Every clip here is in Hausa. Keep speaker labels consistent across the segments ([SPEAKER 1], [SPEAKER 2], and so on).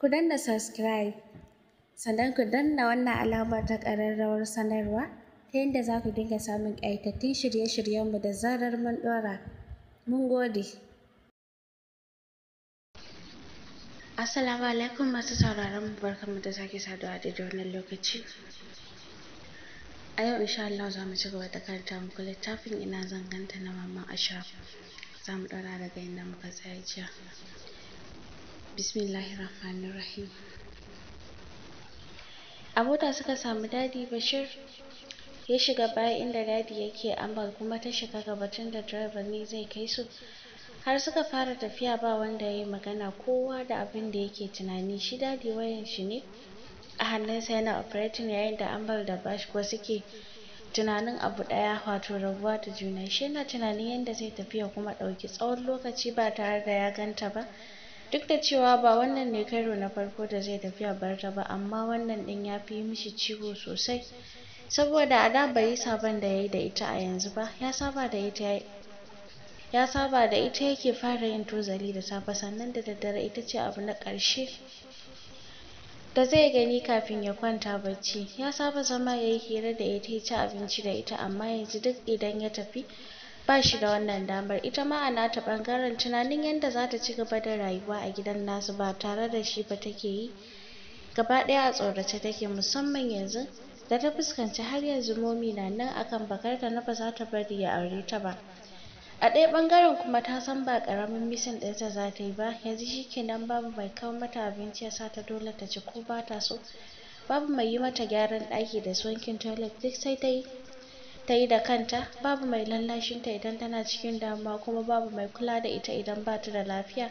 [SPEAKER 1] ku danna subscribe sannan ku danna wannan alamar ta ƙararrawar sanarwa ta yadda za ku dinga samun ƙaitattun shirye-shiryenmu da zarar mun ɗora mun gode Assalamu alaikum masu sauraron mu da sake saduwa da wannan lokaci a yau insha Allah za mu ci gaba da karanta muku littafin ina zan ganta na Maman Asha, za mu ɗora daga inda muka tsaya jiya Bismillahirrahmanirrahim a mota suka samu dadi Bashir ya shiga baya inda dadi yake Amal kuma ta shiga gaba tunda direban ne zai kai su har suka fara tafiya ba wanda yayi magana kowa da abinda yake tunani shi dadi wayan shi ne a hannunsa yana operating yayin da ambal da Bash suke tunanin abu ɗaya wato rabuwa da juna shi yana tunanin yanda zai tafi ya kuma ɗauki tsawon lokaci ba tare da ya ganta ba duk da cewa ba wannan ne karo na farko da zai tafi barta ba amma wannan ɗin ya fi mishi ciwo sosai saboda a da bai yi sabon da ya yi da ita a yanzu ba ya saba da ita ya saba da ita yake fara yin tozali da safe sannan da daddare ita ce abu na ƙarshe da zai gani kafin ya kwanta bacci ya saba zama ya yi hira da ita ya ci abinci da ita amma yanzu duk idan ya tafi ba shi da wannan damar ita ma a nata ɓangaren tunanin yadda za ta ci gaba da rayuwa a gidan nasu ba tare da shi ba take yi gaba ɗaya a tsorace take musamman yanzu da ta fuskanci har yanzu momi na nan akan bakarta na ba za ta bari ya aure ta ba a ɗaya ɓangaren kuma ta san ba ƙaramin misin ta za ta yi ba yanzu shi nan babu mai kawo mata abinci ya sa ta dole ta ci ko ba ta so babu mai yi mata gyaran ɗaki da su wankin toilet duk sai ta ta yi da kanta babu mai lallashin ta idan tana cikin damuwa kuma babu mai kula da ita idan ba ta da lafiya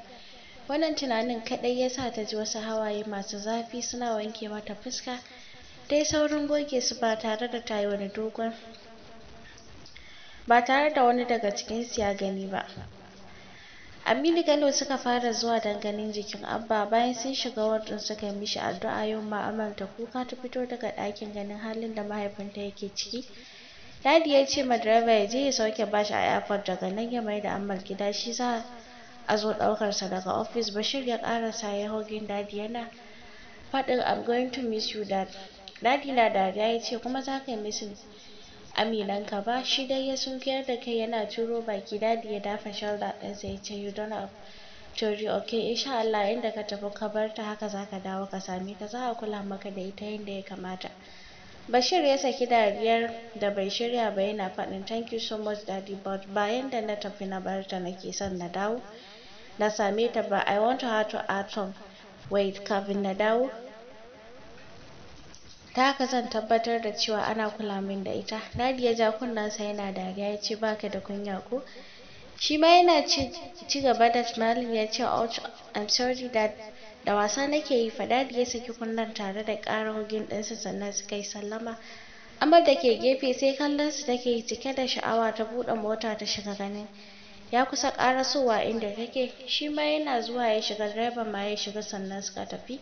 [SPEAKER 1] wannan tunanin kaɗai ya sa ta ji wasu hawaye masu zafi suna wanke mata fuska dai saurin goge su ba tare da ta yi wani dogon ba tare da wani daga cikinsu ya gani ba Aminu Gado suka fara zuwa don ganin jikin Abba bayan sun shiga wardin suka yi mishi addu'a yau ma Amal kuka ta fito daga ɗakin ganin halin da mahaifinta yake ciki Dadi ya ce ma direba ya je ya sauke bashi a airport daga nan ya mai da Amal gida shi za a zo ɗaukarsa daga office Bashir ya sa ya hogin dadi yana faɗin I'm going to miss you dad. Dadi na dariya ya ce kuma za ka yi missing aminanka ba shi dai ya sunkuyar da kai yana turo baki dadi ya dafa shoulder ɗinsa ya ce you don't have Tori okay insha Allah inda ka tafi ka bar ta haka zaka dawo ka same ta za a kula maka da ita yadda ya kamata Bashir ya saki dariyar da bai shirya ba yana faɗin thank you so much daddy but bayan da na tafi na bar ta nake son na dawo na same ta ba I want her to atom wait kafin na dawo ta haka zan tabbatar da cewa ana kula min da ita Nadi ya ja kunnensa yana dariya ya ce baka da kunya ko shi ma yana cigaba da smiling ya ce ouch I'm sorry that da wasa nake yi da ya saki kunnen tare da ƙarar hugin ɗinsa sannan suka yi sallama amma da ke gefe sai kallon su take cike da sha'awa ta buɗe mota ta shiga ganin ya kusa ƙarasowa inda take shi ma yana zuwa ya shiga direban ma ya shiga sannan suka tafi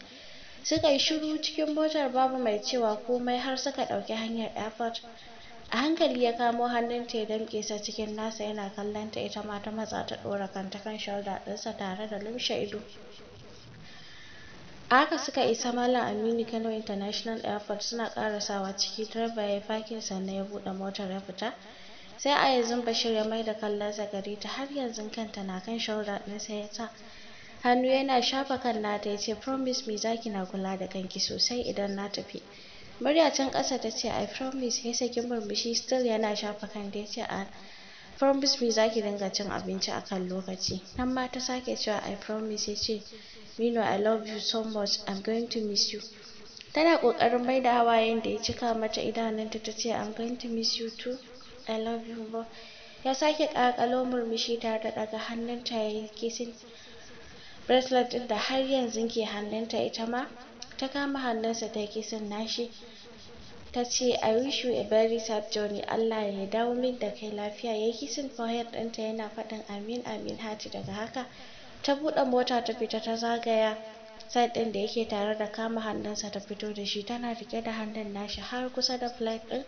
[SPEAKER 1] suka yi shiru cikin motar babu mai cewa komai har suka ɗauki hanyar airport a hankali ya kamo hannunta ya damƙe sa cikin nasa yana kallon ta ita ma ta matsa ta ɗora kanta kan shoulder ɗinsa tare da lumshe ido A haka suka isa Malam Aminu Kano International Airport suna ƙarasawa ciki direba ya yi fakin sannan ya buɗe motar ya fita. Sai a yanzu Bashir ya maida kallonsa gare ta har yanzu kanta na kan shoulder ɗin ya sa hannu yana shafa kan nata ya ce promise me zaki na kula da kanki sosai idan na tafi. Murya can kasa ta ce I promise ya saki murmushi still yana shafa kanta ya ce a promise me zaki dinga cin abinci akan lokaci. Nan ma ta sake cewa I promise ya ce Mino I love you so much I'm going to miss you tana kokarin bai da hawayen da ya cika mata idanunta ta ce I'm going to miss you too I love you more ya sake ƙaƙalo murmushi tare da daga hannunta ya yi kissing bracelet ɗin da har yanzu ke hannunta ita ma ta kama hannunsa ta yi kissing nashi ta ce I wish you a very safe journey Allah ya dawo min da kai lafiya ya yi kissing forehead ɗinta yana faɗin amin amin hati daga haka ta buɗe mota ta fita ta zagaya side ɗin da yake tare da kama hannunsa ta fito da shi tana rike da hannun nashi har kusa da flight ɗin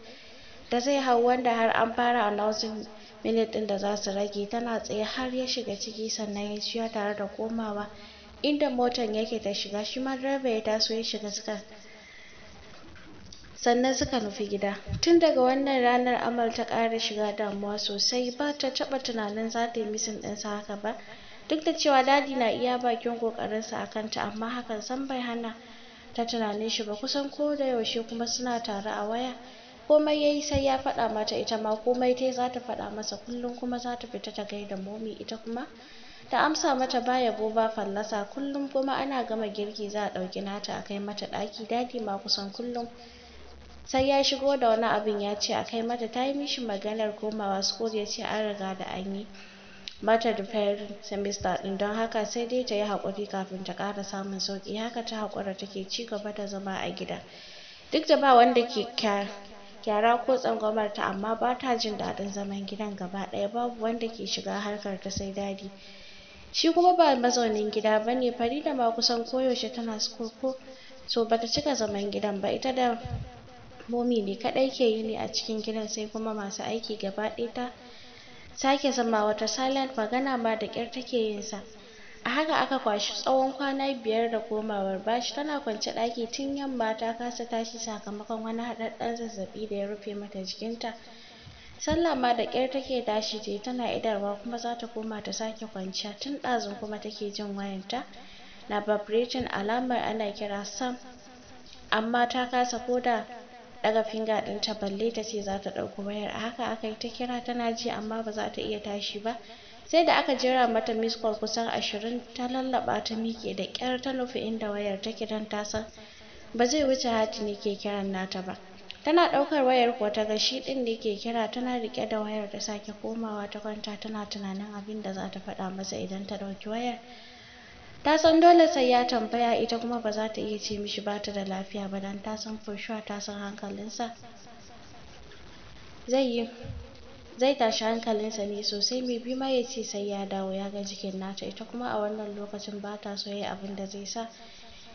[SPEAKER 1] da zai hau wanda har an fara announcing minute ɗin da za su rage tana tsaye har ya shiga ciki sannan ya juya tare da komawa inda motan yake ta shiga shi ma direba ya taso ya shiga suka sannan suka nufi gida tun daga wannan ranar Amal ta ƙara shiga damuwa sosai ba ta taɓa tunanin za yi missing ɗinsa haka ba duk da cewa dadi na iya bakin kokarinsa a kanta amma hakan sam bai hana ta tunanin shi ba kusan ko da yaushe kuma suna tare a waya komai yayi sai ya faɗa mata ita ma komai ta zata faɗa masa kullum kuma zata fita ta gaida momi ita kuma ta amsa mata ba yabo ba fallasa kullum kuma ana gama girki za a ɗauki nata a kai mata ɗaki dadi ma kusan kullum sai ya shigo da wani abin ya ce a kai mata ta yi mishi maganar komawa school ya ce an riga da an yi mata da da sai semester ɗin don haka sai dai ta yi haƙuri kafin ta ƙara samun sauƙi haka ta haƙura take ci gaba da zama a gida duk da ba wanda ke kyara ko tsangwamar ta amma ba ta jin daɗin zaman gidan gaba ɗaya babu wanda ke shiga harkar ta sai dadi shi kuma ba mazaunin gida ba ne Farida ma kusan koyaushe tana school so ba cika zaman gidan ba ita da Momi ne kaɗai ke yini a cikin gidan sai kuma masu aiki gaba ɗaya ta sake zama wata silent magana ma da ƙyar take yin sa a haka aka kwashi tsawon kwana biyar da komawar Bashi tana kwance ɗaki tun yamma ta kasa tashi sakamakon wani haɗaɗɗen zazzaɓi da ya rufe mata jikinta sallah ma da kyar take tashi tayi tana idarwa kuma zata koma ta sake kwanciya tun ɗazun kuma take jin wayarta na vibrating alamar ana kira Sam amma ta kasa ko ɗaga finger ɗinta balle ta ce za ta ɗauko wayar a haka aka yi ta kira tana ji amma ba za ta iya tashi ba sai da aka jera mata miss call kusan ashirin ta lallaɓa ta miƙe da ƙyar ta nufi inda wayar take don ta san ba zai wuce hati ne ke kiran nata ba tana ɗaukar wayar kuwa ta ga shi ɗin da ke kira tana riƙe da wayar ta sake komawa ta kwanta tana tunanin abinda da za ta faɗa masa idan ta ɗauki wayar ta san dole sai ya tambaya ita kuma ba za ta iya ce mishi ba ta da lafiya ba dan ta san for sure ta san hankalinsa zai yi zai tashi hankalinsa ne sosai mai bi ma ya ce sai ya dawo ya ga jikin nata ita kuma a wannan lokacin ba ta so ya yi abin da zai sa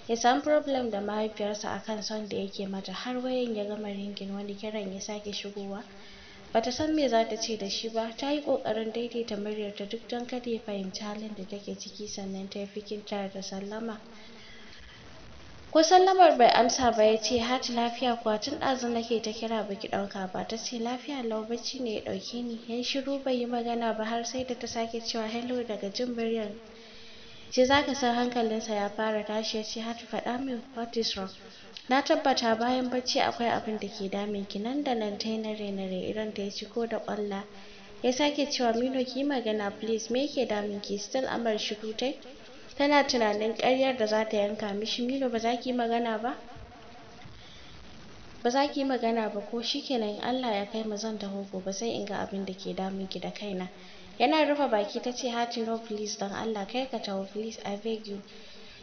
[SPEAKER 1] ya san problem da mahaifiyarsa akan son da yake mata har wayan ya gama ringin wani kiran ya sake shigowa bata san me za ta ce da shi ba ta yi ƙoƙarin daidaita muryarta duk don kada ya fahimci halin da take ciki sannan yi fikin tare da sallama ko sallamar bai amsa ba ya ce Hatu lafiya kuwa tun ɗazu nake ta kira ba ki ɗauka ba ta ce lafiya lau bacci ne ya ɗauke ni yan shiru bai yi magana ba har sai da ta sake cewa hello daga jin ce za zaka san hankalinsa ya fara tashi ce Hatu faɗa min what is wrong na tabbata bayan bacci akwai abin da ke damun ki nan da nan tayi nare nare idan da ya ciko da kwalla ya sake cewa Mino ki magana please me yake damun ki still Amar shiru tana tunanin karyar da zata yanka mishi Mino ba za ki yi magana ba ba za ki yi magana ba ko shikenan in Allah ya kai mu zan taho gobe sai in ga abin da ke damun ki da kaina yana rufe baki tace no please don Allah kai ka taho please I beg you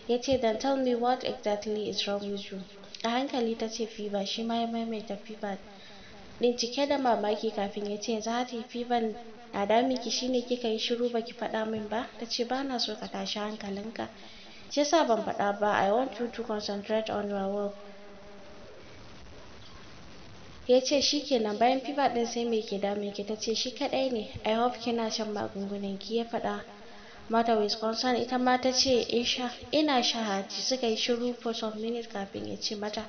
[SPEAKER 1] yace then tell me what exactly is wrong with you a hankali ta ce fever shi ma ya maimaita fever ɗin cike da mamaki kafin ya ce yanzu hati fever na damun ki shine kika yi shiru baki faɗa min ba ta ce bana so ka tashi hankalinka shi yasa ban faɗa ba I want you to concentrate on your work ya ce shi kenan bayan fever ɗin sai me ke damun ki ta ce shi kaɗai ne I hope kina shan magungunan ki ya faɗa mata with ita ma ta ce ina shahaji suka yi shiru for some minutes kafin ya ce mata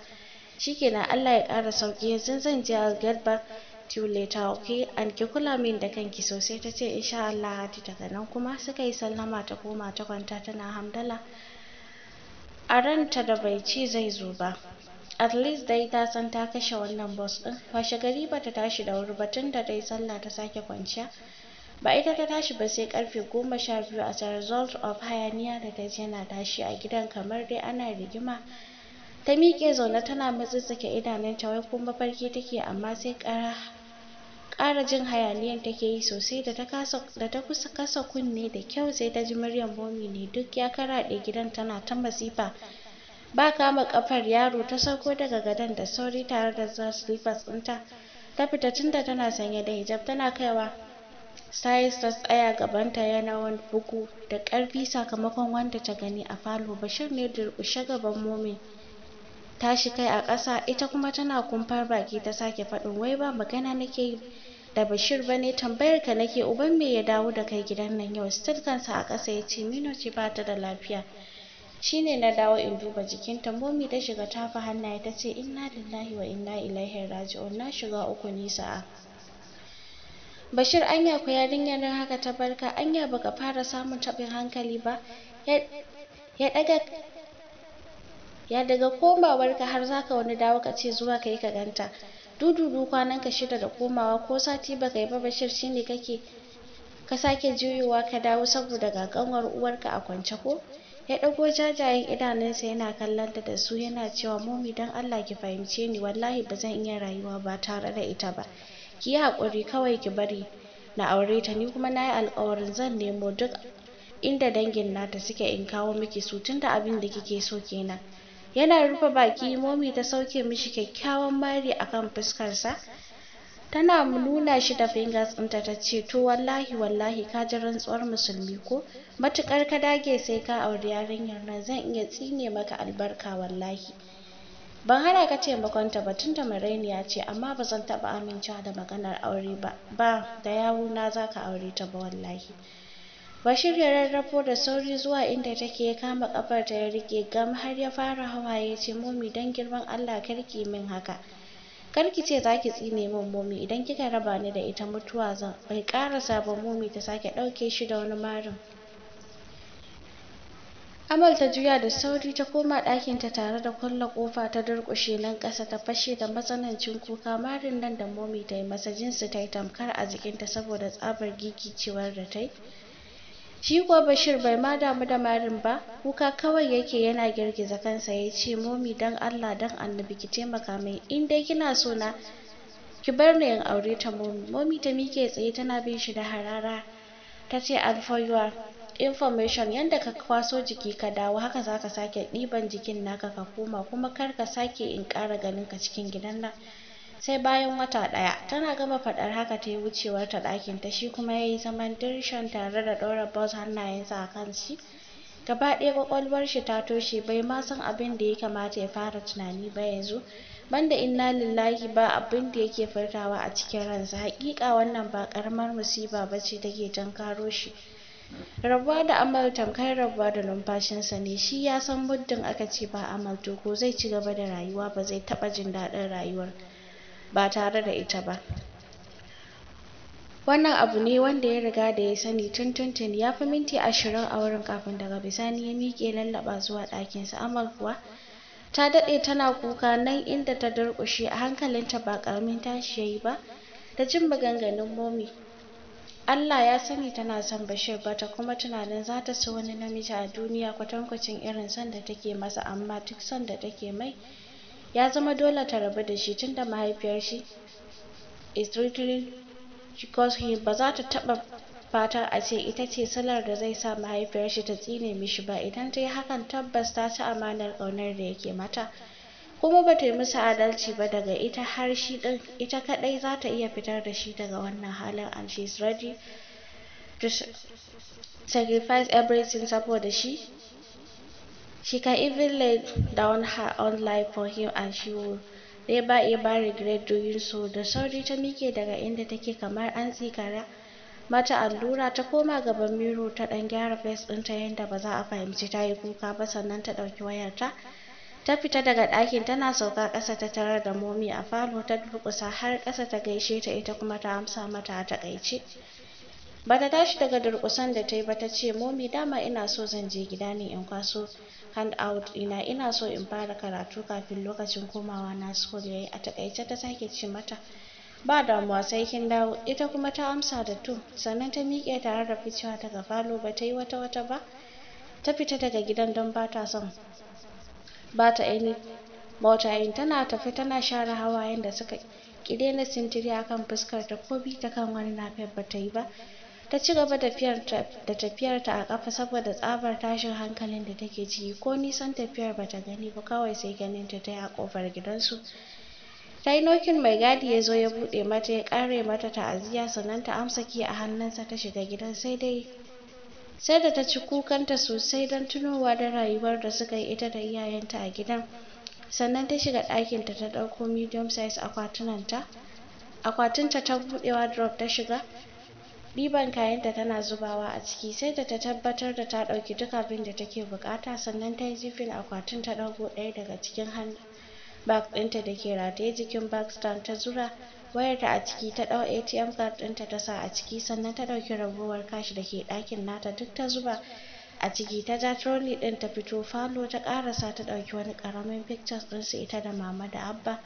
[SPEAKER 1] shikenan Allah ya ƙara sauki yanzu zan je I'll get back to you later okay and ki kula min da kanki sosai ta ce insha Allah hadi daga nan kuma suka yi sallama ta koma ta kwanta tana hamdala a ranta da bai ci zai zo ba at least dai ta san ta kashe wannan boss din washe gari bata tashi da wuri ba tun da dai sallah ta sake kwanciya ba ita ta tashi ba sai karfe goma sha biyu as a result of hayaniya da ta ji yana tashi a gidan kamar dai ana rigima ta miƙe zaune tana mutsuttsuke idanunta wai ko mafarki take amma sai ƙara ƙara jin hayaniyan take yi sosai da ta kasa da ta kusa kasa kunne da kyau sai ta ji muryan momi ne duk ya karaɗe gidan tana ta masifa ba kama ƙafar yaro ta sauko daga gadon da sauri tare da slippers ɗinta ta fita tunda tana sanye da hijab tana kaiwa Styles ta tsaya gabanta yana wani bugu da ƙarfi sakamakon wanda ta gani a falo. Bashir ne durƙushe gaban Momin tashi kai a ƙasa ita kuma tana kumfar baki ta sake faɗin wai ba magana nake yi da Bashir ba ne tambayar ka nake uban me ya dawo da kai gidan nan yau still kansa a ƙasa ya ce Mino ce bata da lafiya shine na dawo in duba jikinta Momi ta shiga tafa hannaye ta ce inna lillahi wa inna ilaihi raji'un na shiga uku ni sa'a Bashir anya ko yarinyar nan haka ta barka anya baka fara samun tabin hankali ba ya daga ya daga komawarka har zaka wani dawo ka ce zuwa kayi ka ganta dududu kwanan ka shida da komawa ko sati baka yi ba Bashir shine kake ka sake juyowa ka dawo saboda ga kanwar uwarka a kwance ko ya ɗago jajayen idanunsa yana kallon ta da su yana cewa momi don Allah ki fahimce ni wallahi ba zan iya rayuwa ba tare da ita ba ki yi haƙuri kawai ki bari na aure ta ni kuma na yi alƙawarin zan nemo duk inda dangin nata suke in kawo miki su tunda abin da kike so kenan yana rufe baki momi ta sauke mishi kyakkyawan mari a kan fuskarsa tana nuna shi da fingers ɗinta ta ce to wallahi wallahi ka ji rantsuwar musulmi ko matuƙar ka dage sai ka auri yarinyar nan zan iya tsine maka albarka wallahi ban hana ka taimakonta ba tunda marainiya ce amma ba zan taɓa amincewa da maganar aure ba ba da yawuna za ka aure ta ba wallahi Bashir ya rarrafo da sauri zuwa inda take ya kama kafar ta ya rike gam har ya fara hawaye ce momi dan girman Allah Kar karki min haka Kar ki ce zaki tsine min momi idan kika raba ni da ita mutuwa zan bai karasa ba momi ta sake ɗauke shi da wani marin Amal ta juya da sauri ta koma ɗakinta tare da kulle ƙofa ta durƙushe nan ƙasa ta fashe da matsanancin kuka marin nan da momi ta yi masa jinsu ta yi tamkar a jikinta saboda tsabar gigicewar da ta yi. Shi kuwa Bashir bai ma damu da marin ba, kuka kawai yake yana girgiza kansa ya ce momi don Allah don annabi ki taimaka min in dai kina so na ki bar ni in aure ta momi. Momi ta miƙe tsaye tana bin shi da harara ta ce information yanda ka kwaso jiki ka dawo haka zaka sake ɗiban jikin naka ka koma kuma kar ka sake in ƙara ganin ka cikin gidan nan sai bayan wata ɗaya tana gama faɗar haka tayi wucewar ta ɗakin ta shi kuma yayi zaman dirshan tare da ɗaura bus hannayensa a kan shi gaba ɗaya ƙwaƙwalwar shi ta toshe bai ma san abinda ya kamata ya fara tunani ba yanzu banda inna lillahi ba abinda yake furtawa a cikin ransa haƙiƙa wannan ba ƙaramar musiba bace take tunkaro shi rabuwa da Amal tamkar rabuwa da numfashinsa ne shi ya san muddin aka ce ba Amal to ko zai ci gaba da rayuwa ba zai taɓa jin daɗin rayuwar ba tare da ita ba wannan abu ne wanda ya riga da ya sani tun tun tuni ya fi minti ashirin a wurin kafin daga bisani ya miƙe lallaɓa zuwa ɗakinsa Amal kuwa ta daɗe tana kuka nan inda ta durƙushe a hankalinta ba ƙaramin tashi ya yi ba ta jin maganganun momi Allah ya sani tana son Bashir ba ta kuma tunanin za ta so wani namiji a duniya kwatankwacin irin son da take masa amma duk son da take mai ya zama dole ta rabu da shi tunda mahaifiyar shi is strictly because he ba za ta taɓa fatan a ce ita ce salar da zai sa mahaifiyar shi ta tsine mishi ba idan ta yi hakan tabbas ta ci amanar ƙaunar da yake mata kuma ba ta yi masa adalci ba daga ita har shi ɗin ita kaɗai za ta iya fitar da shi daga wannan halin and she is ready to sacrifice everything saboda shi she can even lay down her own life for him and she will never ever regret doing so da sauri ta mike daga inda take kamar an tsikara mata allura ta koma gaban miro ta ɗan gyara face ɗinta yadda ba za a fahimci ta yi kuka ba sannan ta ɗauki wayarta ta fita daga ɗakin tana sauka ƙasa ta tarar da momi a falo ta durƙusa har ƙasa ta gaishe ta ita kuma ta amsa mata a taƙaice bata tashi daga durƙusan da ta yi ba ta ce momi dama ina so zan je gida ne in kwaso hand out ɗina ina so in fara karatu kafin lokacin komawa na school yayi a taƙaice ta sake ce mata ba damuwa sai kin dawo ita kuma ta amsa da to sannan ta miƙe tare da ficewa daga falo bata yi wata wata ba ta fita daga gidan don bata son ba ta aini mota ta tana tafe tana share hawayen da suka ki na sintiri akan fuskar ta ko bi ta kan wani nafiyar ba ta yi ba ta ci gaba da tafiyarta a ƙafa saboda tsabar tashin hankalin da take ciki ko nisan tafiyar ba ta gani ba kawai sai ganin ta ta yi a ƙofar gidansu ta yi nokin mai gadi ya zo ya buɗe mata ya ƙare mata ta'aziyya sannan ta amsa ki a hannunsa ta shiga gidan sai dai sai da ta ci kukanta sosai don tunowa da rayuwar da suka yi ita da iyayenta a gidan sannan ta shiga ɗakinta ta ɗauko medium size akwatunanta ta buɗe wardrobe ta shiga ɗiban kayanta tana zubawa a ciki sai da ta tabbatar da ta ɗauki duk abin da take buƙata sannan ta yi zifin akwatin ta ɗago ɗaya daga cikin hand bag ɗinta da ke rataye jikin bag stand ta zura wayarta a ciki ta ɗau ATM card ɗinta ta sa a ciki sannan ta ɗauki ragowar kashi da ke ɗakin nata duk ta zuba a ciki ta ja trolley ɗin ta fito falo ta ƙarasa ta ɗauki wani ƙaramin pictures su ita da mama da abba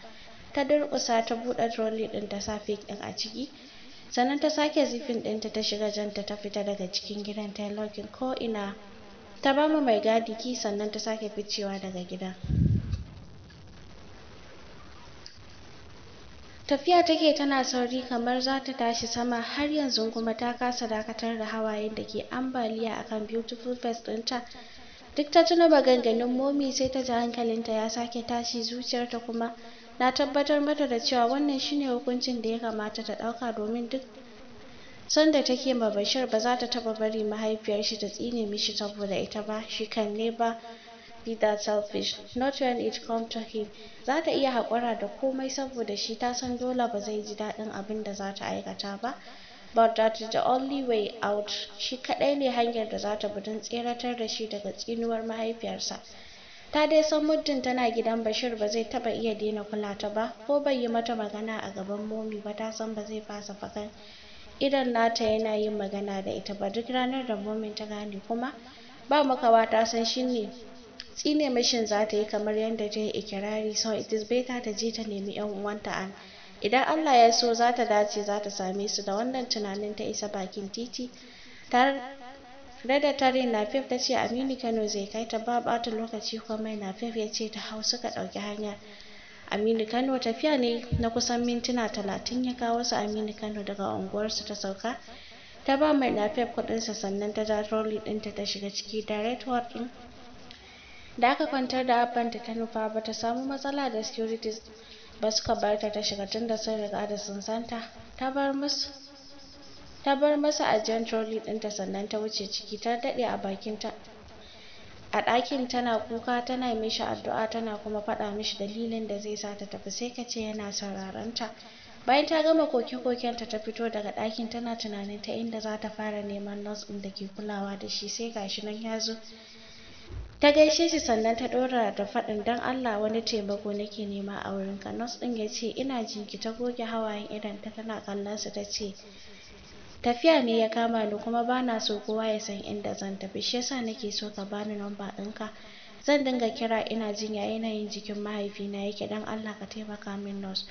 [SPEAKER 1] ta durƙusa ta buɗe trolley ɗin ta sa fake ɗin a ciki sannan ta sake zifin ɗinta ta shiga janta ta fita daga cikin gidan ta yi ko ina ta ba mai gadi ki sannan ta sake ficewa daga gidan Tafiya take tana sauri kamar za ta tashi sama har yanzu kuma ta kasa dakatar da hawayen da ke ambaliya akan beautiful face ɗinta. Duk ta tuna maganganun momi sai ta ji ta ya sake tashi zuciyarta kuma na tabbatar mata da cewa wannan shine hukuncin da ya kamata ta ɗauka domin duk sanda take ma Bashir ba za ta taɓa bari mahaifiyar shi ta tsine mishi saboda ita ba shi kan ne ba be that selfish not when it come to him za iya haƙura da komai saboda shi ta san dole ba zai ji daɗin abin da za aikata ba but that is the only way out shi kaɗai ne hanyar da zata ta bi tseratar da shi daga tsinuwar mahaifiyarsa ta dai san muddin tana gidan Bashir ba zai taba iya daina kula ta ba ko bai yi mata magana a gaban momi ba ta san ba zai fasa fakan idan nata yana yin magana da ita ba duk ranar da momin ta gane kuma ba makawa ta san shi ne. tsine mashin za ta yi kamar yadda ta yi ikirari so it is better ta je ta nemi yan uwanta an idan Allah ya so za ta dace za ta same su da wannan tunanin ta isa bakin titi tare da tare nafef ta ce Aminu Kano zai kai ta ba ɓata lokaci komai nafef ya ce ta hau suka ɗauki hanya Aminu Kano tafiya ne na kusan mintuna talatin ya kawo su Aminu Kano daga unguwarsu ta sauka ta ba mai nafef kuɗinsa sannan ta ja trolley ɗinta ta shiga ciki direct work ɗin da aka kwantar da abbanta ta nufa ba ta samu matsala da securities ba suka bar ta ta shiga tunda sun riga da sun san ta bar musu ta bar musu trolley ɗinta sannan ta wuce ciki ta daɗe a bakin ta a ɗakin tana kuka tana mishi addu'a tana kuma faɗa mishi dalilin da zai sa ta tafi sai ka ce yana sauraron ta bayan ta gama koke-koken ta ta fito daga ɗakin tana tunanin ta inda za ta fara neman nurse ɗin da ke kulawa da shi sai gashi nan ya zo ta gaishe shi sannan ta ɗora da faɗin don Allah wani taimako nake nema a wurinka nos ɗin ya ce ina jinki ta goge hawayen idonta tana kallon su ta ce tafiya ne ya kama ni kuma bana so kowa ya san inda zan tafi shi yasa nake so ka bani number ɗinka zan dinga kira ina jin ya yanayin jikin mahaifina yake don Allah ka taimaka min nos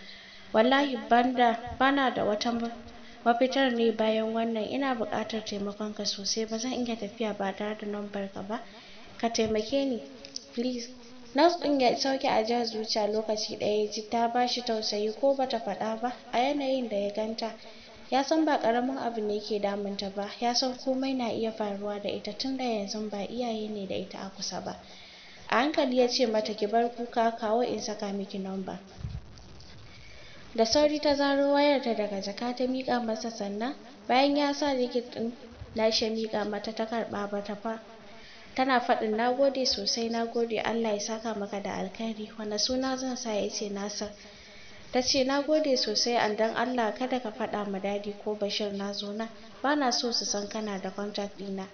[SPEAKER 1] wallahi banda bana da wata mafitar ne bayan wannan ina buƙatar taimakonka sosai ba zan iya tafiya ba tare da numbar ka ba ka taimake ni please nas ɗin ya sauke a jihar zuciya lokaci ɗaya ya ji ta bashi tausayi ko bata faɗa ba a yanayin da ya ganta ya san ba ƙaramin abu ne ke ta ba ya san komai na iya faruwa da ita tun da yanzu ba iyaye ne da ita a kusa ba a hankali ya ce mata ki bar kuka kawo in saka miki number da sauri ta zaro wayarta daga jaka ta miƙa masa sannan bayan ya sa riket ɗin nashi ya miƙa mata ta karɓa ta fa tana faɗin na gode sosai na gode Allah ya saka maka da alkhairi wani suna zan sa ya ce Nasir ta ce na gode sosai an dan Allah kada ka faɗa ma dadi ko Bashir na zo na bana so su san kana da contact ɗina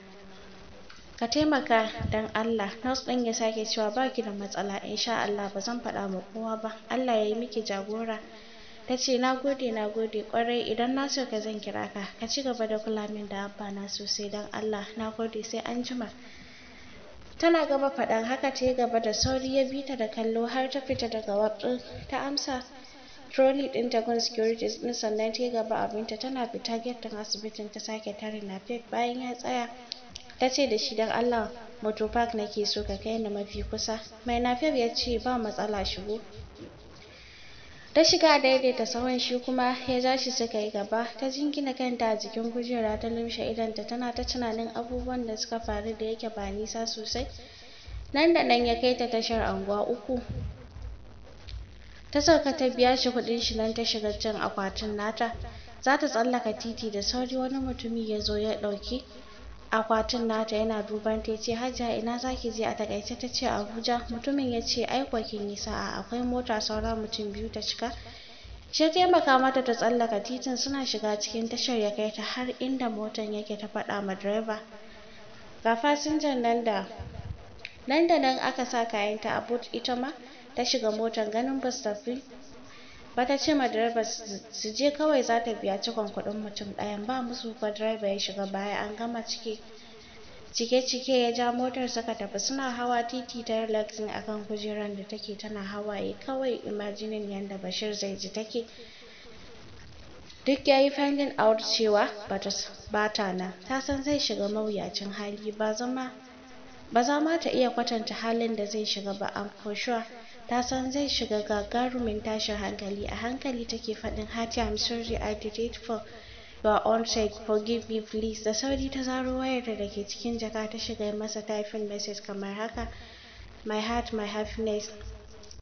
[SPEAKER 1] ka taimaka dan Allah Nas ɗin ya sake cewa baki da matsala insha Allah ba zan faɗa ma kowa ba Allah ya yi miki jagora ta ce na gode na gode kwarai idan na so ka zan kira ka ka ci gaba da kula min da abba na sosai dan Allah na gode sai an jima Tana gama faɗan haka ta yi gaba da sauri ya bi ta da kallo har ta fita daga wajen ta amsa trolley ɗin tagon gun securities ɗin sannan ta yi gaba abinta tana fita gefen asibitin ta sake tare Nafef bayan ya tsaya ta ce da shi don Allah motor park nake so ka kai ni mafi kusa mai nafiyar ya ce ba matsala shigo ta shiga daidaita sahun shi kuma ya ja shi suka yi gaba ta jingina kanta a jikin kujera ta lumshe idanta tana ta tunanin abubuwan da suka faru da yake ba nisa sosai nan da nan ya kai ta tashar anguwa uku ta sauka ta biya shi kuɗin shi nan ta shiga cin akwatin nata za ta tsallaka titi da sauri wani mutumi ya zo ya ɗauki akwatin nata yana duban ta yace Hajiya ina zaki je a takaice tace Abuja mutumin yace ai kwa kin yi sa'a akwai mota saura mutum biyu ta cika shi ya taimaka mata ta tsallaka titin suna shiga cikin tashar ya kai ta har inda motan yake ta faɗa ma direba ga fasinjan nan da nan da nan aka sa kayanta a boot ita ma ta shiga motan ganin ba tafi Ba ta ce ma direba su je kawai za ta biya cikon kuɗin mutum ɗayan ba musu kuwa direba ya shiga baya an gama cike cike-cike ya ja motar suka tafi suna hawa titi ta relaxing akan kujerar da take tana hawaye kawai imaginin yadda Bashir zai ji take duk ya yi finding out cewa bata ta nan ta san zai shiga mawuyacin hali ba zama ba za ma ta iya kwatanta halin da zai shiga ba am for sure ta san zai shiga gagarumin tashin hankali a hankali take faɗin Hati I'm sorry I did it for your own sake forgive me please da sauri ta zaro wayarta da ke cikin jaka ta shiga masa typing message kamar haka my heart my happiness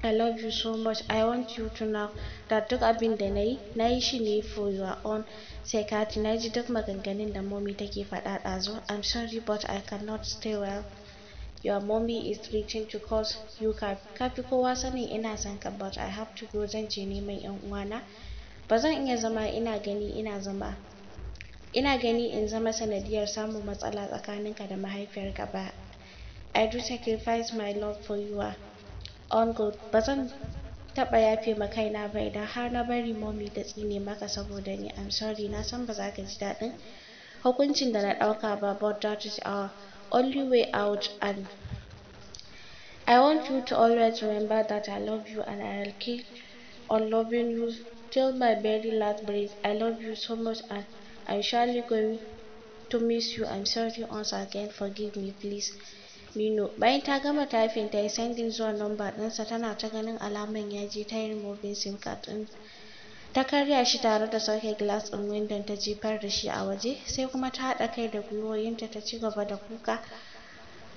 [SPEAKER 1] I love you so much. I want you to know that duk abin da na yi, na yi shi ne for your own sake. Hati na ji duk maganganun da momi take faɗa ɗazu. I'm sorry but I cannot stay well. your mommy is reaching to cause you ka kafi kowa sanin ina son ka but I have to go zan je neman yan uwana ba zan iya zama ina gani ina zama ina gani in zama sanadiyar samun matsala tsakaninka da mahaifiyarka ba I do sacrifice my love for you. Ah, on good ba zan taɓa yafe ma kaina ba idan har na bari mommy ta tsine maka saboda ni I'm sorry na san ba za ka ji daɗin hukuncin da na ɗauka ba but that is our only way out and I want you to always remember that I love you and I'll keep on loving you till my very last breath. I love you so much and I'm surely going to miss you. I'm sorry once again. Forgive me, please. Nino bayan ta gama typing ta yi sending zuwa number ɗinsa tana ta ganin alaman ya je ta yi sim card ta karya shi tare da sauke glass ɗin windon ta jefar da shi a waje sai kuma ta haɗa kai da gwiwoyinta ta ci gaba da kuka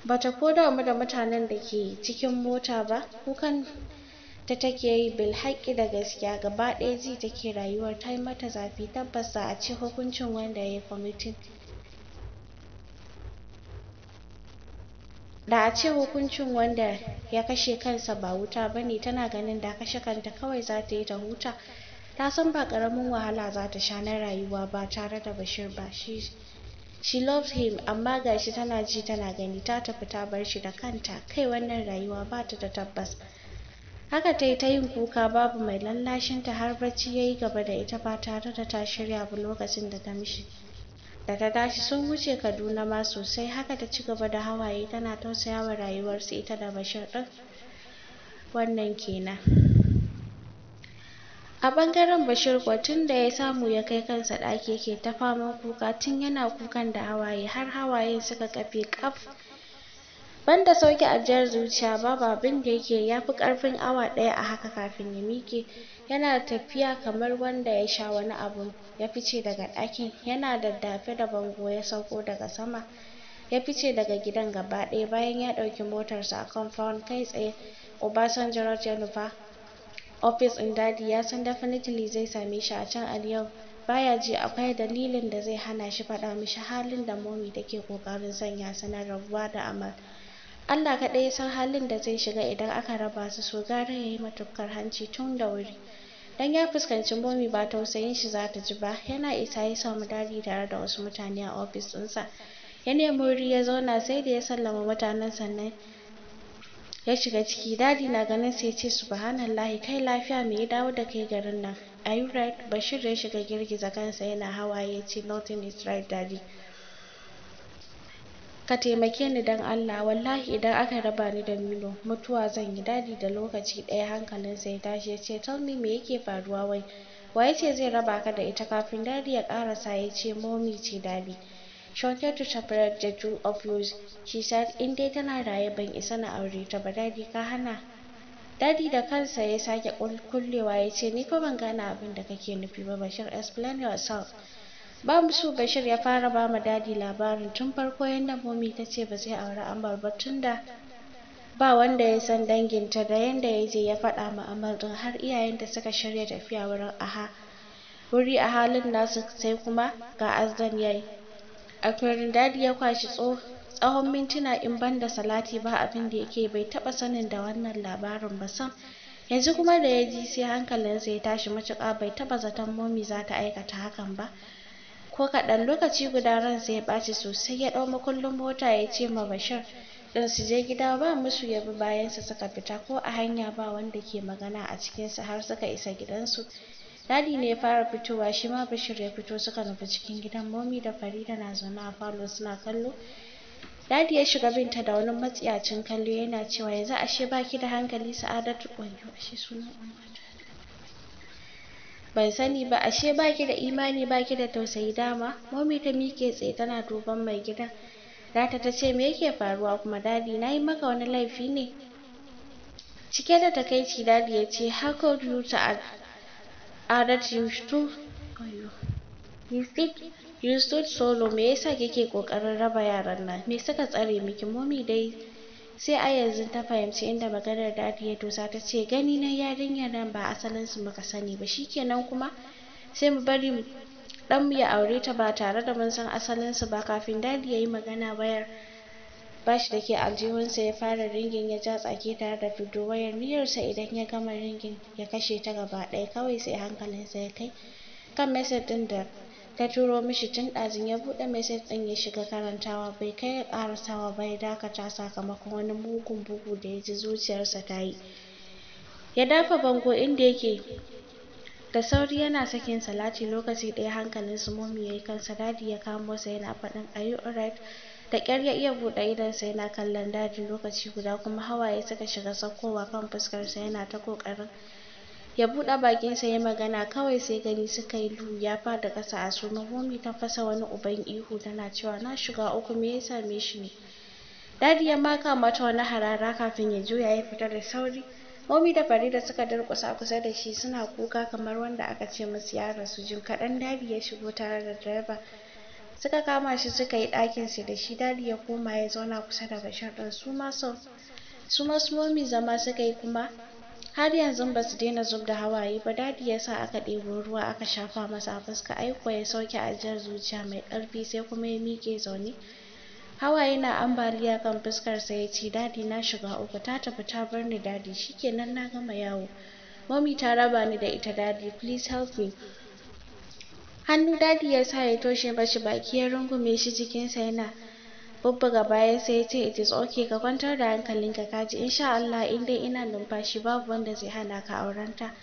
[SPEAKER 1] bata ko damu da mutanen da ke cikin mota ba kukan ta take yi bilhaƙi da gaskiya gaba ɗaya ji take rayuwar ta yi mata zafi tabbas za a hukuncin wanda committing da a ce hukuncin wanda ya kashe kansa ba wuta ba ne tana ganin da kashe kanta kawai za ta yi ta huta ta san ba ƙaramin wahala za ta sha na rayuwa ba tare da Bashir ba shi she loves him amma gashi tana ji tana gani ta tafi ta bar shi da kanta kai wannan rayuwa ba ta da tabbas haka ta yi ta yin kuka babu mai lallashin ta har bacci ya yi gaba da ita ba tare da ta shirya ba lokacin da ta mishi da ta tashi sun wuce kaduna ma sosai haka ta ci gaba da hawaye tana tausaya wa rayuwarsu ita da bashir ɗin wannan kenan a ɓangaren Bashir kuwa tun da ya samu ya kai kansa ɗaki yake ta faman kuka tun yana kukan da hawaye har hawaye suka kafe ƙaf banda sauki ajiyar zuciya babu abin da yake ya fi ƙarfin awa ɗaya a haka kafin ya miƙe yana tafiya kamar wanda ya sha wani abu ya fice daga ɗakin yana daddafe da bango ya sauko daga sama ya fice daga gidan gaba ɗaya bayan ya ɗauki motarsa a kamfan kai tsaye Obasanjo Road ya nufa ofis ɗin dadi ya san definitely zai same shi a can and yau baya ji akwai dalilin da zai hana shi faɗa mishi halin da momi take ƙoƙarin sanya su rabuwa da Amal. Allah kaɗai ya san halin da zai shiga idan aka raba su so gara ya yi matukar hanci tun da wuri. Dan ya fuskanci Momi ba tausayin shi za ta ji ba, yana isa ya samu dadi tare da wasu mutane a ofis ɗinsa. Ya nemi wuri ya zauna sai da ya sallama mutanen sannan ya shiga ciki dadi na ganin sai ya ce subhanallahi kai lafiya me ya dawo da kai garin nan are you right bashir ya shiga girgiza kansa yana hawaye ya ce nothing is right daddy ka taimake ni dan Allah wallahi idan aka raba ni da Milo mutuwa zan yi dadi da lokaci ɗaya sa ya tashi ya ce tell me me yake faruwa wai waye ce zai raba ka da ita kafin dadi ya ƙarasa ya ce momi ce dadi shouted to separate the two of you she said in dai tana raye ban isa na aure ta ba daddy ka hana Dadi da kansa ya sake kullewa ya ce ni fa ban gane abin da kake nufi ba Bashir explain yourself ba musu Bashir ya fara ba ma dadi labarin tun farko yanda momi ta ce ba zai aure Amal ba tunda ba wanda ya san danginta da yadda ya je ya faɗa ma Amal din har iyayen iyayenta suka shirya tafiya wurin aha wuri a halin nasu sai kuma ga azan yayi A Trinidad ya kwashi tsohon mintuna in banda Salati ba abinda yake bai taɓa sanin da wannan labarin ba sam. Yanzu kuma da ya ji sai hankalinsa ya tashi matuƙa bai taɓa zaton Momi za ta aikata hakan ba ko kaɗan. Lokaci guda ransa ya ɓaci sosai ya ɗau makullin mota ya ce ma Bashir ɗin su je gida ba musu ya bi bayansa suka fita ko a hanya ba wanda ke magana a cikinsa har suka isa gidansu. Dadi ne ya fara fitowa shi ma Bashir ya fito suka nufi cikin gidan momi da Farida na zaune a falo suna kallo. Dadi ya shiga binta da wani matsiyacin kallo yana cewa yanzu ashe baki da hankali Sa'adatu wayyo ashe sunan Ban sani ba ashe baki da imani baki da tausayi dama. Momi ta mike tsaye tana duban mai gidan. Data ta ce me yake faruwa kuma dadi na yi maka wani laifi ne? Cike da takaici dadi ya ce how could you Adat to. You think you stood solo me yasa kike kokarin raba yaran nan me suka tsare miki mommy dai sai a yanzu ta fahimci inda maganar dadi ya dosa ta ce gani na yarinyar nan ba asalin su muka sani ba shikenan kuma sai mu bari dan ya aure ta ba tare da mun san asalin su ba kafin dadi yayi magana wayar bashi dake ke aljihunsa ya fara ringin ya ja tsaki tare da fiddo wayar niyyarsa idan ya gama ringin ya kashe ta gaba ɗaya kawai sai hankalinsa ya kai kan message ɗin da ta turo mishi tun ɗazun ya buɗe message ɗin ya shiga karantawa bai kai ya ƙarasawa ba ya dakata sakamakon wani mugun bugu da ya ji zuciyarsa tayi ya dafa bango inda yake da sauri yana sakin salati lokaci ɗaya hankalin su yayi kansa dadi ya kamo sa yana faɗin are you alright da ƙyar ya iya buɗe idonsa yana kallon daji lokaci guda kuma hawaye suka shiga saukowa kan fuskarsa yana ta ƙoƙarin ya buɗe bakinsa ya magana kawai sai gani suka yi duhu ya faɗi ƙasa a sunan Momi ta fasa wani uban ihu tana cewa na shiga uku me ya same shi ne Dadi ya maka mata wani harara kafin ya juya ya fita da sauri Momi da Farida suka durƙusa kusa da shi suna kuka kamar wanda aka ce musu ya rasu jim kaɗan Dadi ya shigo tare da direba suka kama shi suka yi ɗakin su da shi dadi ya koma ya zauna kusa da bashir ɗin su ma su ma su momi zama suka yi kuma har yanzu ba su daina zub da hawaye ba dadi ya sa aka ɗebo ruwa aka shafa masa a fuska aiko ya sauke ajiyar zuciya mai ƙarfi sai kuma ya miƙe zaune hawaye na ambaliya kan fuskarsa ya ce dadi na shiga uku ta tafi ta bar ni dadi shikenan na gama yawo mommy ta raba ni da ita dadi please help me hannu dadi ya sa ya toshe bashi baki ya rungume shi jikinsa yana bubbuga bayan sai ya ce it is okay ka kwantar da hankalinka kaji insha Allah in dai ina numfashi babu wanda zai hana ka auren ta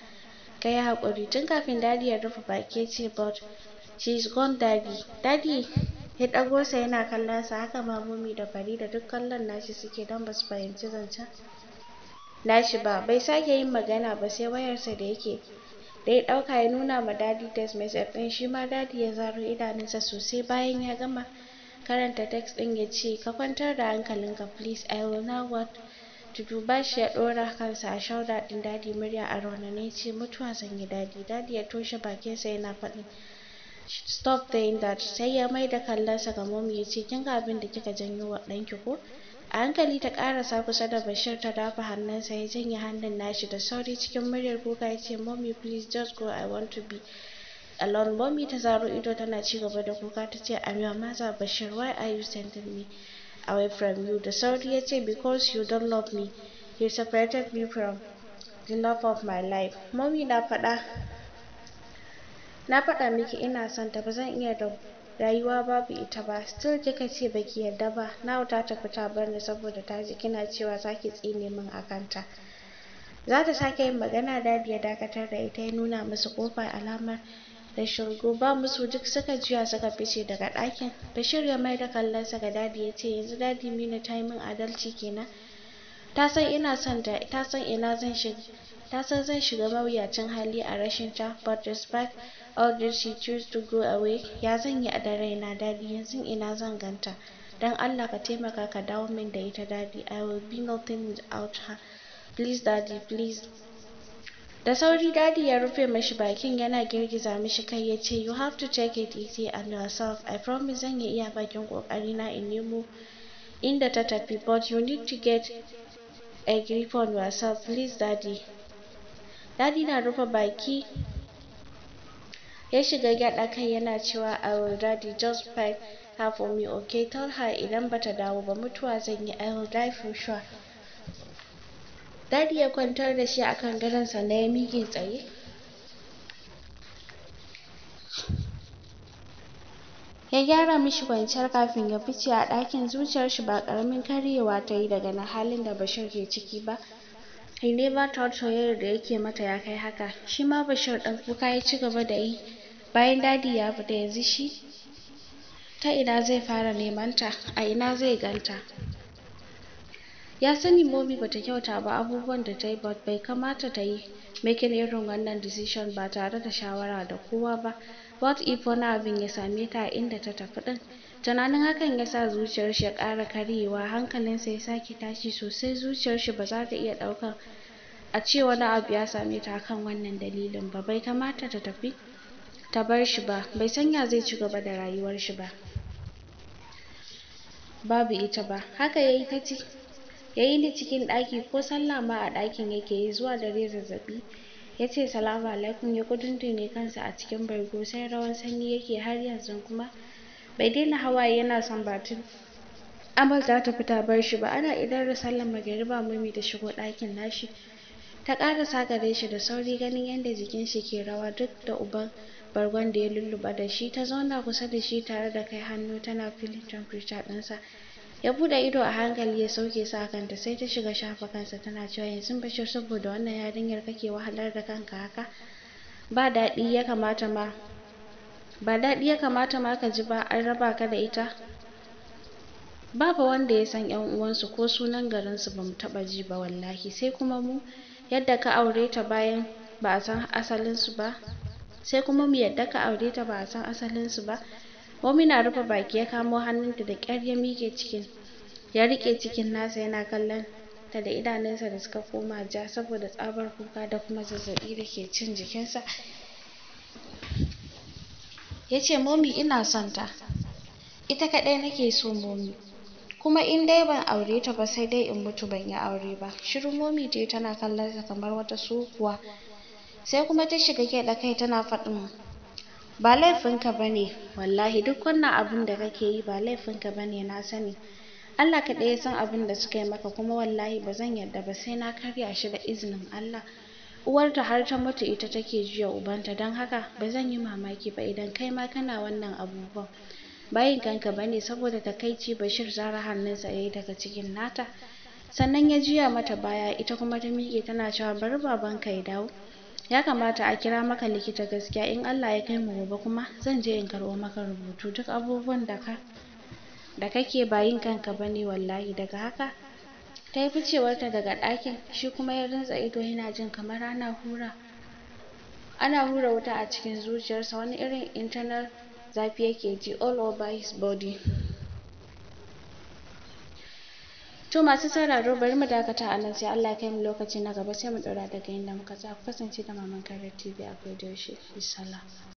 [SPEAKER 1] ka yi haƙuri tun kafin dadi ya rufe baki ya ce but she is gone daddy daddy ya ɗago sa yana kallon sa haka ma mummy da Farida duk kallon nashi suke don ba su fahimci zancen nashi ba bai sake yin magana ba sai wayarsa da yake da ya ɗauka ya nuna ma dadi text message ɗin shi ma dadi ya zaro idanunsa sosai bayan ya gama karanta text ɗin ya ce ka kwantar da hankalinka please I will now what to do bashi ya ɗora kansa a shoulder ɗin dadi murya a raunana ya ce mutuwa zan yi dadi dadi ya toshe bakinsa yana faɗin stop saying that sai ya maida kallonsa ga mommy ya ce kin ga da kika janyo wa ɗanki ko a hankali ta karasa kusa da Bashir ta dafa hannunsa ya janye hannun nashi da sauri cikin muryar kuka ya ce mommy please just go I want to be alone mommy ta zaro ido tana cigaba da kuka ta ce I'm your mother Bashir why are you sending me away from you da sauri ya ce because you don't love me you separated me from the love of my life mommy na faɗa na faɗa miki ina son ta ba zan iya rayuwa babu ita ba still kika ce baki yarda ba now ta tafi ta bar ni saboda ta ji kina cewa za ki tsine min a kanta za ta sake yin magana dadi ya dakatar da ita ya nuna musu ƙofar alamar rashin ba musu duk suka juya suka fice daga ɗakin Bashir ya da kallonsa ga dadi ya ce yanzu dadi Mina ta yi min adalci kenan ta san ina son ta ta san ina zan shiga ta san zan shiga mawuyacin hali a rashin ta but despite all this she choose to go away ya zan yi a da raina dadi yanzu ina zan ganta don Allah ka taimaka ka dawo min da ita dadi I will be nothing without her please Daddy please da sauri Daddy ya rufe mashi bakin yana girgiza mishi kai ya ce you have to take it easy on yourself I promise zan yi iya bakin ƙoƙarina in nemo inda ta tafi but you need to get egg leave on yourself please daddy daddy na rufe baki ya shiga gyaɗa kai yana cewa I will daddy just fight her for me okay tell her idan bata dawo ba mutuwa zan yi I will die for sure daddy ya kwantar da shi akan gadon na ya miƙe tsaye ya gyara mishi kwanciyar kafin ya fice a ɗakin zuciyar shi ba ƙaramin karyewa ta yi daga na halin da Bashir ke ciki ba he never thought soyayyar da yake mata ya kai haka Shi ma Bashir ɗan kuka ya ci gaba da yi bayan dadi ya fita yanzu shi ta ina zai fara neman ta a ina zai ganta ya sani Momi bata kyauta ba abubuwan da tayi yi bai kamata ta yi. making irin wannan decision ba tare da shawara da kowa ba what if wani abin ya same ta a inda ta tafi ɗin tunanin hakan ya sa zuciyar shi ya ƙara karyewa hankalinsa ya sake tashi sosai zuciyar shi ba za ta iya ɗaukan a ce wani abu ya same ta akan wannan dalilin ba bai kamata ta tafi ta bar shi ba bai san ya zai ci gaba da rayuwar shi ba babu ita ba haka yayi ta ci yayi ni cikin ɗaki ko sallah ma a ɗakin yake yi zuwa dare zazzaɓi ya ce salamu alaikum ya kudundune kansa a cikin bargo sai rawan sanyi yake har yanzu kuma bai daina hawaye yana son batun amal za ta fita bar shi ba ana idan da sallar magariba mami da shigo ɗakin nashi ta ƙara gare shi da sauri ganin yadda jikin shi ke rawa duk da uban bargon da ya lulluɓa da shi ta zauna kusa da shi tare da kai hannu tana filin temperature ɗinsa ya bude ido a hankali ya sauke sa kanta sai ta shiga shafa kansa tana cewa yanzu bashir saboda wannan yarinyar kake wahalar da kanka haka ba daɗi ya kamata ma ba daɗi ya kamata ma ka ji ba an raba ka da ita babu wanda ya san yan uwansu ko sunan garinsu ba mu taɓa ji ba wallahi sai kuma mu yadda ka aure ta bayan ba a san asalinsu ba sai kuma mu yadda ka aure ta ba a san asalinsu ba Momi na rufe baki ya kamo hannunta da ƙyar ya mike cikin ya riƙe cikin nasa yana kallon ta da idanunsa da suka koma ja saboda tsabar kuka da kuma zazzabi da ke cin jikinsa. Ya ce Momi ina son ta, ita kaɗai nake so Momi. kuma in dai ban aure ta ba sai dai in mutu ban yi aure ba shiru momi ta tana kallon sa kamar wata tsohuwa sai kuma ta shiga gyaɗa kai tana faɗin ba laifinka ba ne wallahi duk wannan abin da kake yi ba laifinka ba ne na sani Allah ka ɗaya san abin da suka yi maka kuma wallahi ba zan yarda ba sai na karya shi da izinin Allah uwarta har ta mutu ita take jiya ubanta don haka ba zan yi mamaki ba idan kai ma kana wannan abubuwan bayin kanka ba ne saboda takaici Bashir zara hannunsa sa yayi daga cikin nata sannan ya juya mata baya ita kuma ta miƙe tana cewa bari babanka ya dawo ya kamata a kira maka likita gaskiya in Allah ya kai mu gobe kuma zan je in karɓo maka rubutu duk abubuwan da ka da kake ba yin kanka bane wallahi daga haka ta yi ficewarta daga ɗakin shi kuma ya rintsa ido yana jin kamar ana hura ana hura wuta a cikin zuciyarsa wani irin internal zafi yake ji all over his body to masu sauraro bari mu dakata a nan sai Allah ya kai mu lokaci na gaba sai mu ɗaura daga inda muka tsaya ku kasance da maman karar tv a yaushe. bisalam